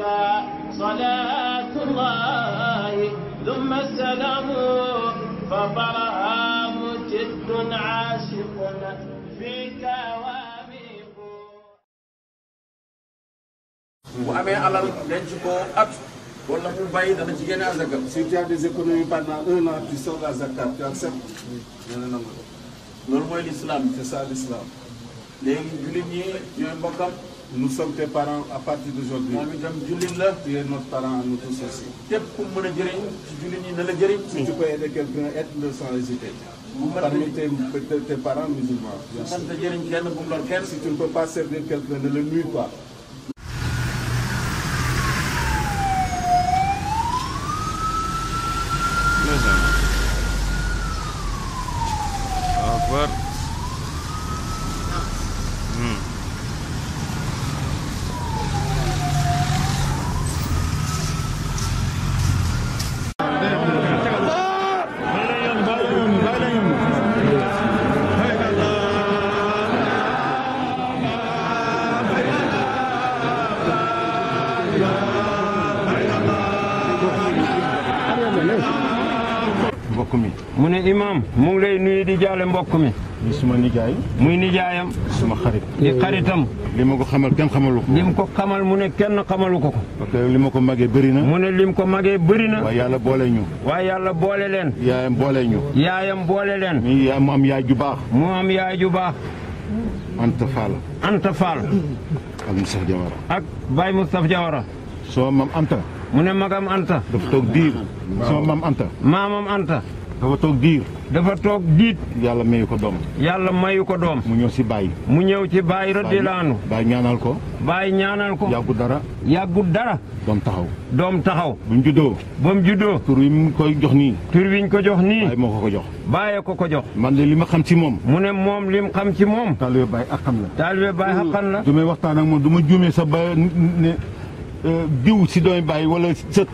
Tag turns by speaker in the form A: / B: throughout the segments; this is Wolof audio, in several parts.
A: عليك صلاة الله ثم السلام فطرها مجد عاشق فيك واميق bu amee alal denc ko at wala mu bàyyi dana ci génne azaka. si tu as des économies pendant un an tu sors la zakat tu acceptes. ñu ne nangu ko. loolu mooy l'islam c'est ça l'islam. léegi jullit ñi ñooy mbokkam. nous sommes tes parents à partir d'aujourd'hui. moom itam jullit la. tu es parent à nous tous képp ku mën a jëriñ ci na la jëriñ. si tu peux aider quelqu'un aide-le sans hésiter. parmi tes tes parents musulmans. bien sûr. si tu ne peux pas quelqu'un ne le nuis pas. moom mu ngi lay nuyu di jaale mbokk mi. muy suma nijaay. muy nijaayam. suma xarit. di xaritam. li ma ko xamal kenn li ko xamal mu ne kenn xamalu ko ko. parce que li ma ko magee bëri na. mu ne li ko magee bëri na. yàlla boole ñu. waaye yàlla boole leen. yaayam boole ñu. yaayam boole leen. yaay mu am yaay ju baax. mu am yaay ju baax. Anta Fall. Anta mu ne magam Anta. dafa toog diir. waaw mam Anta. maamam Anta. dafa toog diir. dafa toog diit. yàlla mayu ko doom. yàlla mayu ko doom. mu ñëw si bàyyi. mu ñëw ci bàyyi radilaanu. bàyyi ñaanal ko. bàyyi ñaanal ko. yàggu dara. yàggul dara. doom taxaw. doom taxaw. bu mu juddoo. ba mu juddoo. tur wi mu koy jox nii. tur wi ñu ko jox nii. moo ko ko jox. bàyyee ko ko jox. man de li ma xam ci moom. mu ne moom li mu xam ci moom. taalibe bàyyi xam la. taalibe bàyyi àqam la. du may waxtaan ak moom du ma juumee sa ba ne eh, diw si doomi bàyyi wala sët.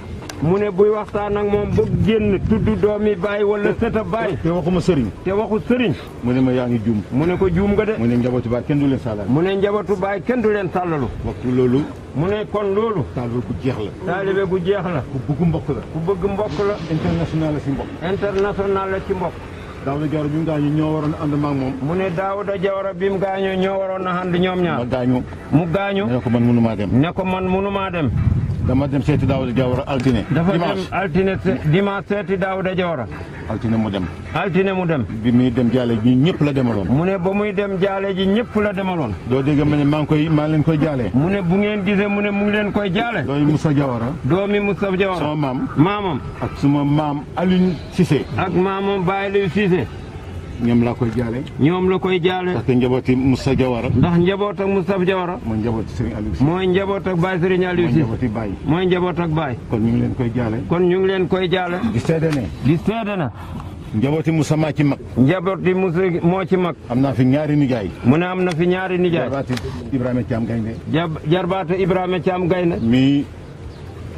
A: mu ne buy waxtaan ak moom bëgg génn tudd doomi baay wala sët a baay te waxuma sëriñ te waxu sëriñ mu ne ma yaa ngi juum mu ne ko juum nga de mu ne njabootu baay kenn du leen sàllalu mu ne njabootu baay kenn du leen sàllalu waxtu loolu mu kon loolu taalibe gu jeex la taalibe gu jeex la ku bëgg mbokk la ku bëgg mbokk la international la ci mbokk international la ci mbokk a Jawara bi mu gaañu ñoo waroon a ànd maag moom mu ne Daawuda Jawara bi mu gaañu ñoo waroon a ànd ñoom ñaar mu gaañu mu gaañu ne ko man mënumaa dem ne ko man mënumaa dem dama dem seeti Daouda Diawara altine. dafa dem altine dimanche seeti a Diawara. altine mu dem. altine mu dem. bi muy dem jaale ji ñëpp la demaloon. mu ne ba muy dem jaale ji ñëpp la demaloon. doo dégg ma ne maa ngi koy leen koy jaale. mu ne bu ngeen gisee mu ne mu ngi leen koy jaale. doomi Moussa Diawara. doomi Moussa Diawara. sama maam. maamam. ak suma maam Alioune Cissé. ak maamam Baye Alioune Cissé. ñoom laa koy jaale. ñoom la koy jaale. parce que njabooti Moussa Diawara. ndax njaboota ak Moussa Diawara. mooy njaboot Serigne Aliou Cissé. mooy njaboot ak Baye Serigne Aliou Cissé. mooy njabooti Baye. ak Baye. kon ñu ngi leen koy jaale. kon ñu ngi leen koy jaale. di seede ne. di seede na. njabooti Moussa maa ci mag. njabooti Moussa moo ci mag. am naa fi ñaari nijaay. mu ne am na fi ñaari nijaay. jarbaatu Ibrahima Thiam Gaynde. jarbaatu Ibrahima Thiam Gaynde. mi.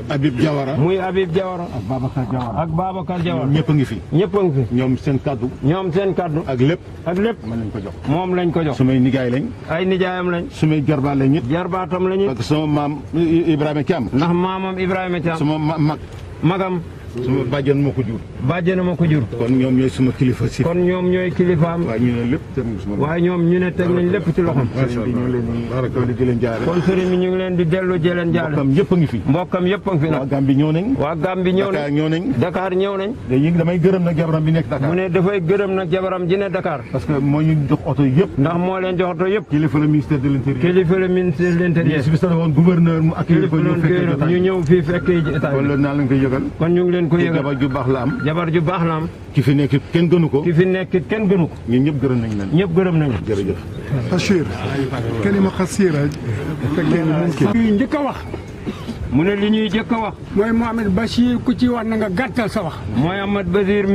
A: Habib Diawara muy Habib Diawara ak Babacar Diawara ak Babacar Diawara ñëpp a ngi fi ñëpp fi ñoom seen kaddu ñoom seen kaddu ak lépp ak lépp mën lañ ko jox moom lañ ko jox su may nijaay lañ ay nijaayam lañ su may jarbaa lañ it jarbaatam lañ it parce que sama maam Ibrahima Thiam ndax maamam Ibrahima Thiam sama ma magam suma bàjjen moo ko jur. bàjjen moo kon ñoom ñooy suma kilifa si. kon ñoom ñooy kilifaam. waaye ñoom ñu ne teg lépp ci loxoom. kon ñu ngi di dellu di leen jaare. mbokkam yëpp a fi. a ngi fi nag. waa Gàmbi ñëw nañ. waa Gàmbi ñëw damay gërëm nag jabaram bi nekk Dakar. parce que moo ñu jox oto yëpp. ndax moo leen jox oto yëpp. kilifa la ministère de l'intérieur. kilifa la ministère de l'intérieur. ñu ñëw fii fekkee ji état kon loolu naa leen leen ko yëgal jabar ju baax la ko ki fi nekkit kenn gënu ko ñun ñëpp gërëm nañ leen ñëpp gërëm
B: nañ mu ne li
A: ñuy njëkk a wax mooy Mohamed Bachir ku ciy wax na nga gàttal sa wax mooy Ahmed Bachir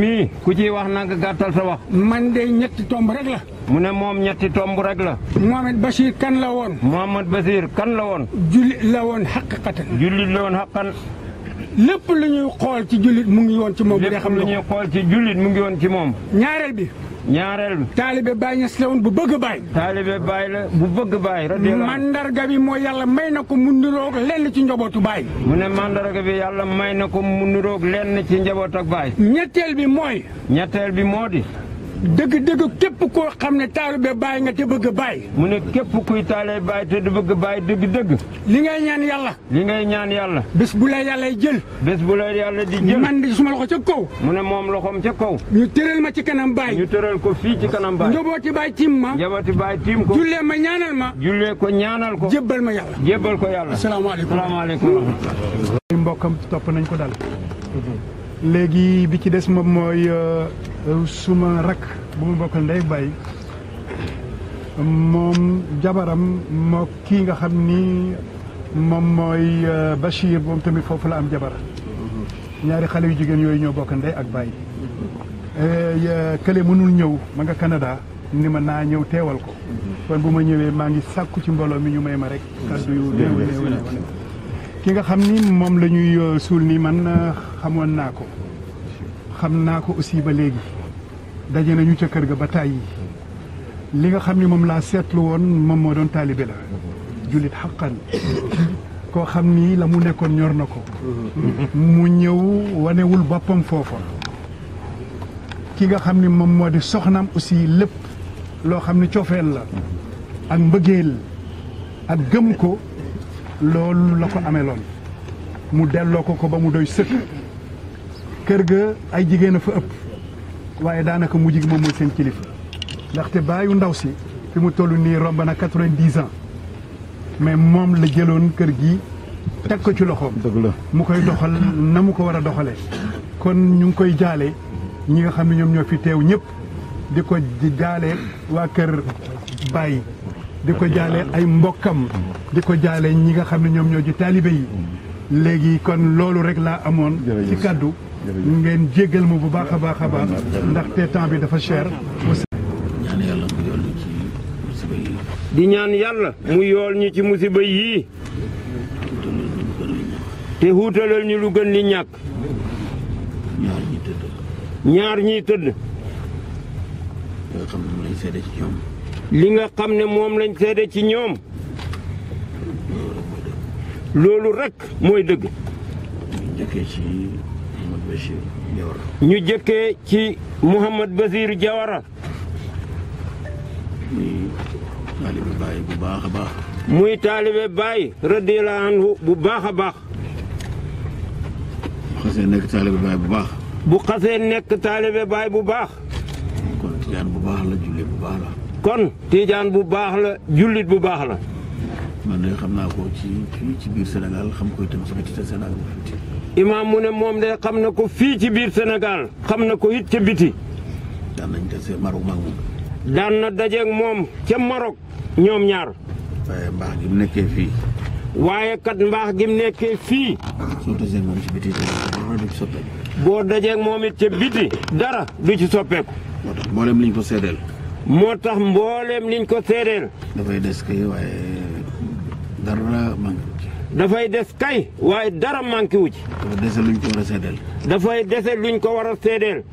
A: ku ciy wax na nga sa wax man de ñetti tomb rek la mu ne moom ñetti tomb rek la. Mohamed Bachir kan la woon. Mohamed Bachir kan la jullit la woon xaqiqatan. jullit la woon xaqan. lépp lu ñuy xool ci jullit mu ngi woon ci moom. bu dee xam lépp xool ci jullit mu ngi woon ci moom. ñaareel bi. ñaareel bi. taalibe Baay Ñas la woon bu bëgg Baay. taalibe Baay la bu bëgg Baay. radiyallaahu
B: mandarga bi mooy yàlla may na ko mu niroog lenn ci njabootu Baay. mu ne mandarga
A: bi yàlla may na ko mu niroog lenn ci njaboot ak Baay. ñetteel bi mooy. ñeteel bi moo di. dëgg-dëgg képp koo xam ne taalibe bàyyi nga te bëgg a bàyyi. mu ne képp kuy taalibe bàyyi te du bëgg a bàyyi dëgg-dëgg. li ngay ñaan yàlla. li ngay ñaan yàlla. bés bu la yàlla jël. bés bu la yàlla di jël man di suma loxo ca kaw. mu ne moom loxoom ca kaw. ñu tëral ma ci kanam bàyyi. ñu tëral ko fii ci kanam bàyyi. njabooti bàyyi tiim ma. njabooti bàyyi tiim ko. jullee ma ñaanal ma. jullee ko ñaanal ko. jébbal ma yàlla. jébbal ko yàlla. asalaamaaleykum asalaamaaleykum.
B: mbokam topp nañ ko dal léegi bi ci des moom mooy euh, suma rakk bu mu bokkal ndey bàyyi moom jabaram moo kii nga xam ni moom mooy euh, Bachir moom tamit foofu la am jabar ñaari xale yu jigéen yooyu ñoo bokk ndey ak bàyyi euh, kële mënul ñëw ma nga kanadaa ni ma naa ñëw teewal ko mhm. kon bu ma ñëwee maa ngi sàkku ci mbooloo mi ñu may ma rek kaddu yu néew néew néew ki nga xam ni moom la ñuy euh, suul ni man euh, xamoon naa ko xam naa ko aussi ba léegi daje nañu ca kër ga ba tàyyi li nga xam ni moom laa seetlu woon moom moo doon taalibe la jullit xaqan koo xam ni la mu nekkoon ñor na ko mu ñëw wanewul boppam foofa ki nga xam ni moom moo di soxnaam aussi lépp loo xam ni cofeel la ak mbëggeel ak gëm ko loolu la ko ameloon mu delloo ko ko ba mu doy sëkk kër ga ay jigéen a fa ëpp waaye daanaka mu gi moom mooy seen kilifa ndaxte baayu ndaw si fi mu toll nii romb na quatre-vingt-dix ans mais moom la jëloon kër gi teg ko ci loxoom mu koy doxal na mu ko war a doxalee kon ñu ngi koy jaale ñi nga xam ne ñoom ñoo fi teew ñëpp di ko jaale waa kër Baye
A: di ko jaale
B: ay mbokkam di ko jaale ñi nga xam ne ñoom ñoo ji taalibe yi léegi kon loolu rek laa amoon ci kàddu ngeen jéggal ma bu baax a baax a baax ndaxte temps bi dafa cher
A: di ñaan yàlla mu yool ñu ci musiba yii te xuutalal ñu lu gën li ñàkk ñaar ñiy tëdd li nga xam ne moom lañ seede ci ñoom. loolu rek mooy dëgg. ñu jëkkee ci Mouhamad Bachir Diawara. ñu jëkkee ci Mouhamad muy taalibe Baay bu baax a baax. muy taalibe Baay radiyallaahu anhu bu baax baax. bu xasee nekk taalibe Baay bu bu xasee bu baax. tijaan bu baax la bu baax la. kon tijaan bu baax la jullit bu baax la. man xam naa ko ci ci biir Sénégal xam ko itam ci mu ne moom de xam na ko fii ci biir Sénégal xam na ko it ca biti. daan nañ tase Maroc mag daan na dajeeg moom ca Maroc ñoom ñaar. waaye mbaax gi mu nekkee fii. waaye kat mbaax gi mu nekkee fii. soo taseeg moom ci biti dara du ci soppeeku. boo dajeeg moom it biti dara du ci soppeeku. moo tax mboolem liñ ko seedeel. moo tax mbooleem liñ ko seedeel. dafay des kay waaye dara manqué ci. dafay des kay waaye dara manqué wu ci. dafa dese luñ ko war a seedeel. dafay ko war a seedeel.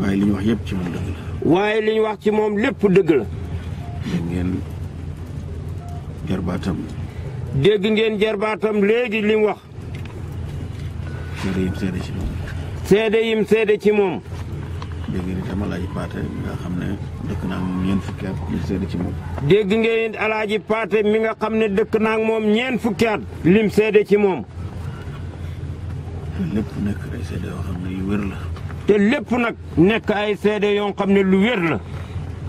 A: waaye li ñu wax yépp ci moom dëgg la. waaye li wax ci moom lépp dëgg la. dégg ngeen jarbaatam. dégg ngeen jarbaatam léegi li wax. seede yim seede ci moom. seede yim seede ci moom. dégg ngeen Alaaji mi nga xam ne dëkk naa moom ñeent fukki at ñu seede ci moom. dégg ngeen Alaaji Paate nga xam ne dëkk naa moom ñeent fukki lim seede ci moom. lépp nekk ay seede yoo xam ne yu wér la. lu wér la.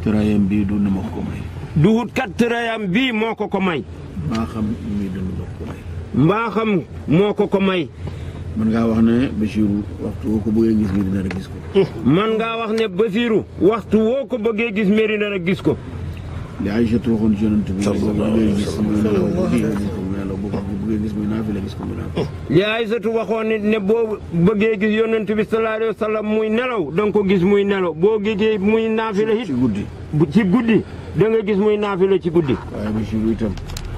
A: tëraayam bii du na ma ko may. duhut kat tëraayam bii moo ko ko may. moo ko ko may. mën ngaa wax ne Bachirou waxtu woo ko bëggee gis Médina rek gis ko. mën ngaa wax ne Bachirou waxtu woo ko bëggee gis Médina rek gis ko. li Aïchatu waxoon ci yonent bi. sallallahu alayhi wa sallam bëggee gis muy ne boo bëggee gis yonent bi sallallahu alayhi wa sallam muy nelaw da ko gis muy nelaw boo gisee muy naafila it. ci guddi ci guddi da nga gis muy naafila ci guddi. waaye Bachirou itam.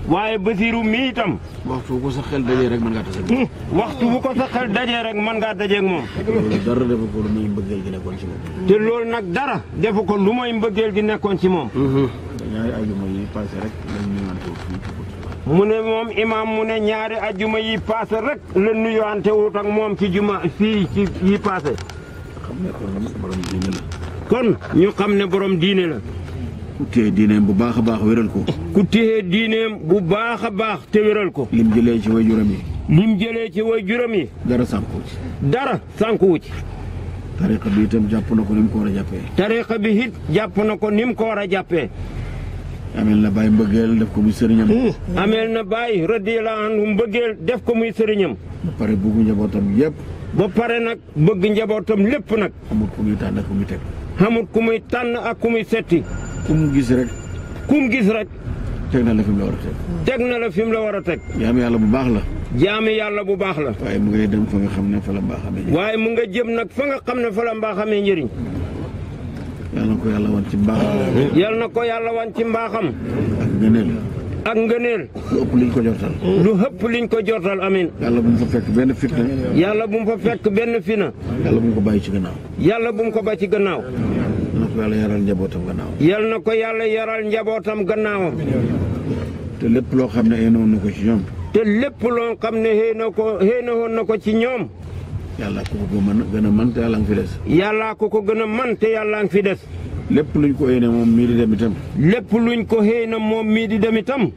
A: waaye Basiiru mi itam. waxtu bu ko sa xel dajee rek mën ngaa tase moom. Hmm, ko sa xel dajee rek mën ngaa dajeeg moom. ci moom. loolu nag dara defu ko lu mooy mbëggeel gi nekkoon ci moom. Hmm. ñaari ajuma yi passé rek mu ne moom imaam mu ne ñaari ajuma yi passé rek la nuyuwante wut moom ci juma fii ci yi passé. kon ñu xam ne borom diine la. ku téye diineem bu baax a baax wéral ko. ku téye diineem bu baax a baax te wéral ko. lim jëlee ci way juróom yi. lim jëlee ci way juróom yi. dara sànku ci. dara sànku ci. tariqa bi itam jàpp na ko ni ko war a jàppee. tariqa bi it jàpp na ko nim ko war a jàppee. ameel na bàyyi mbëggeel def ko muy sëriñam. Hmm. ameel na bàyyi radiyallaahu anhu mbëggeel def ko muy sëriñam. ba pare bëgg njabootam yëpp. ba pare nag bëgg njabootam lépp nag. amut ku muy tànn ak ku ku gis rek. ku gis rek. teg na la fi mu la war a teg. teg na la fi mu la war a teg. jaami yàlla bu baax la. jaami yàlla bu baax la. waaye mu ngay dem fa nga xam ne fa la mbaaxamee. waaye mu nga jëm nag fa nga ne fa la mbaaxamee njëriñ. yal ko yàlla ci mbaaxam. yal na ko yàlla wan ci mbaaxam. ak ngëneel. ak ngëneel. lu ëpp liñ ko jortal. lu ëpp liñ ko jortal amin yàlla bu mu fa fekk benn fitna. yàlla bu mu fa fekk benn fitna. yàlla bu mu ko bàyyi ci gannaaw. yàlla bu mu ko bàyyi ci gannaaw. na ko yàlla yaral njabootam gannaawam. yal na ko yàlla yaral njabootam gannaawam. te lépp loo xam ne xëy na woon na ko ci ñoom. te lépp loo xam ne xëy na ko xëy na woon na ko ci ñoom. yàllaa ko ko mën gën a mën te yàlla ngi fi des. yàllaa ko ko gën a mën te yàlla ngi fi des. lépp luñ ko xëy na moom mii di dem itam. lépp luñ ko xëy na moom mii di dem itam.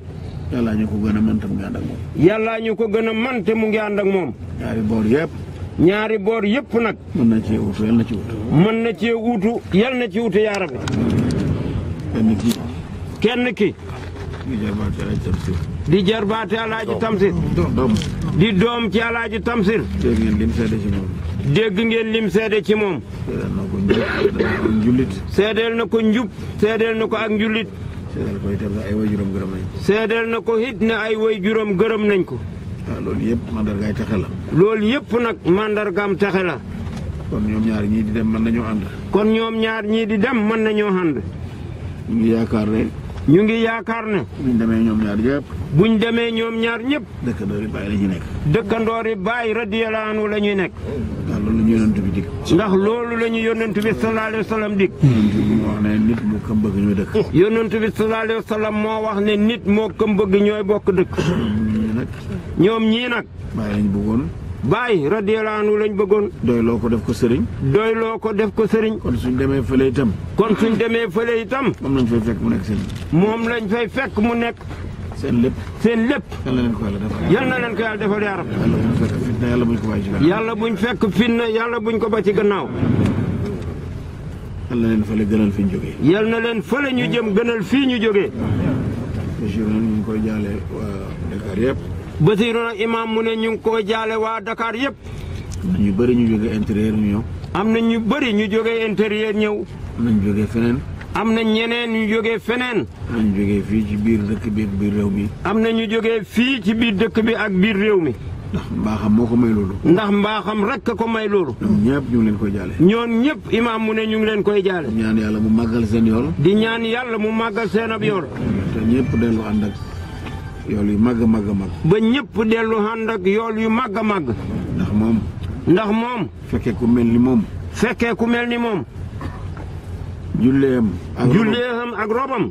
A: yàllaa ñu ko gën a mën te mu ngi ànd ak moom. yàllaa ñu ko gën a mën te mu ngi ànd ak moom. ñaari boor yëpp. ñaari boor yëpp nag. mën na ci wutu. mën na cee wutu yal na ci wutu yaara bi. kenn ki. kenn ki. di jarbaate alaaji tamsir. di doom di doom ci alaaji tamsir. dégg ngeen lim seede ci moom. dégg ngeen lim seede ci moom. seedeel na ko njub seedeel na ko njub seedeel na ko ak njullit. seedeel na ko itam na ay way juróom gërëm nañ ko. waaw loolu yëpp mandargaay texe la. loolu yëpp nag mandargaam texe la. kon ñoom ñaar ñii di dem mën nañoo ànd. kon ñoom ñaar ñii di dem mën nañoo ànd. ñu ngi yaakaar ne. ñu ngi yaakaar ne. buñ demee ñoom ñaar ñëpp. buñ demee ñoom ñaar ñëpp. dëkkandoor yi bàyyi la nekk. dëkkandoor yi bàyyi radiyallaahu anhu la ñuy nekk. ndax loolu la ñu bi dig. ndax loolu la ñu yónnent bi sallallaahu alayhi wa sallam dig. yónnent bi moo dëkk. yónnent bi sallallaahu moo wax ne nit moo këm bëgg ñooy bokk dëkk. ñoom ñii nag. bàyyi lañ bëggoon. bàyyi radiyallaahu anhu lañ bëggoon. doyloo ko def ko sëriñ. doyloo ko def ko sëriñ. kon suñ demee fële itam. kon suñ demee fële itam. moom lañ fay fekk mu nekk moom lañ fay fekk mu nekk. seen lépp seen lépp. yal na leen ko yàlla defal yaa rab. yàlla buñ ko bàyyi yàlla buñ fekk fitna yàlla buñ ko ba ci gannaaw. yal na leen fële gënal fi ñu jógee. yal na leen fële ñu jëm gënal fii ñu jógee. monsieur ñu ngi yëpp. Basiiru nag imaam mu ne ñu ngi koy jaale waa dakaar yëpp. ñu bëri ñu jógee intérieur ñëw. am na ñu bëri ñu jógee intérieur ñëw. am na ñu feneen. am na ñeneen ñu jógee feneen. am na ñu jógee fii ci biir dëkk bi ak biir réew mi. am na ñu jógee fii ci biir dëkk bi ak biir réew mi. ndax mbaaxam moo ko may loolu. ndax mbaaxam rek ko may loolu. ñoom ñu leen koy jaale. ñoon ñëpp imaam mu ne ñu ngi leen koy jaale. ñaan yàlla mu màggal seen yool. di ñaan yàlla mu màggal seen ab yool. te ñëpp dellu yool yu màgg a màgg a màgg. ba ñëpp dellu ànd ak yool yu màgg a màgg. ndax moom. ndax moom. fekkee ku mel ni moom. fekkee mel ni moom. julleem ak julleem ak robam.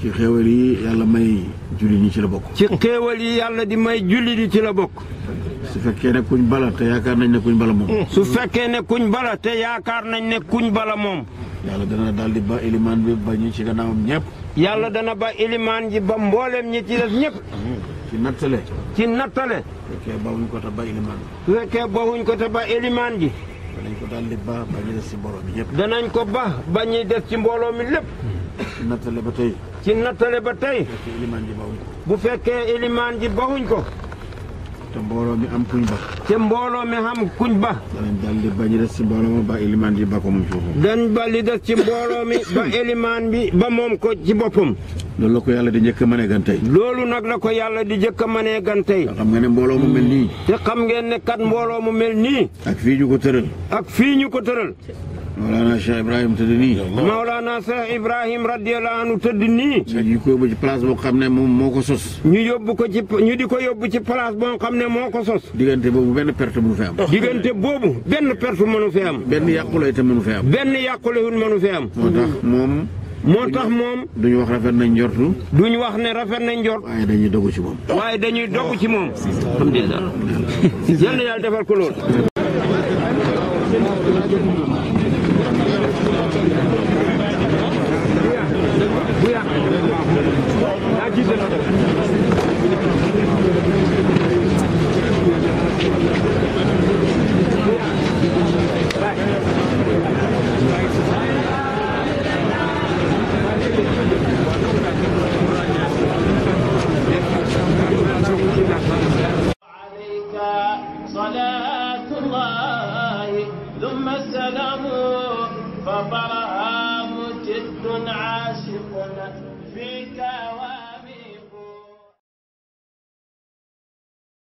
A: ci xéewal yi yàlla may julli ñi ci la bokk. ci xéewal yi yàlla di may julli di ci la bokk. su fekkee ne kuñ bala te yaakaar nañ ne kuñ bala moom. su fekkee ne kuñ bala te yaakaar nañ ne kuñ bala moom. yàlla dana daal di ba ilimaan bi ñu ci gannaawam ñëpp. yàlla dana ba ilimaan ji ba mbooleem ñi ci des ñëpp. ci nattale. ci nattale. fekkee bawuñ ko te ba ilimaan ji. fekkee bawuñ ko te ba ilimaan ji. danañ ko daal di ba ba ñu des ci mbooloo ñëpp. danañ ko ba ba ci mbooloo mi lépp. ci nattale ba tey. ci nattale ba tey. bu fekkee ilimaan ji bawuñ ko. bu fekkee ilimaan ji bawuñ ko. te mbooloo mi am kuñ ba te mbooloo mi am kuñ ba danañ daldi bañ des ci mbooloo mi ba élimaan bi ba ko moom ci boppam dañ balli des ci mbooloo mi ba élimaan bi ba moom ko ci boppam loolu la ko yàlla di njëkk a mënee gan tey loolu nag la ko yàlla di njëkk a mënee gan tey te xam ngeen ne mbooloo mu mel nii te xam ngeen ne kat mbooloo mu mel nii ak fii ñu ko tëral ak fii ñu ko tëral Mawlana Cheikh Ibrahim tëdd nii. Mawlana Cheikh Ibrahim radiyallahu anhu tëdd nii. ñu ko yóbbu ci place boo xam ne moom moo ko sos. ñu yóbbu ko ci ñu di ko yóbbu ci place boo xam ne moo ko sos. diggante boobu benn perte mënu fi am. diggante boobu benn perte mënu fi am. benn yàqule itam mënu fi am. benn yàqule hun mënu fi am. moo tax moom. moo tax moom duñu wax rafet nañ njortu duñu wax ne rafet nañ njort waaye dañuy dogu ci moom waaye dañuy dogu ci moom alhamdulilah yal na yàlla defal ko lool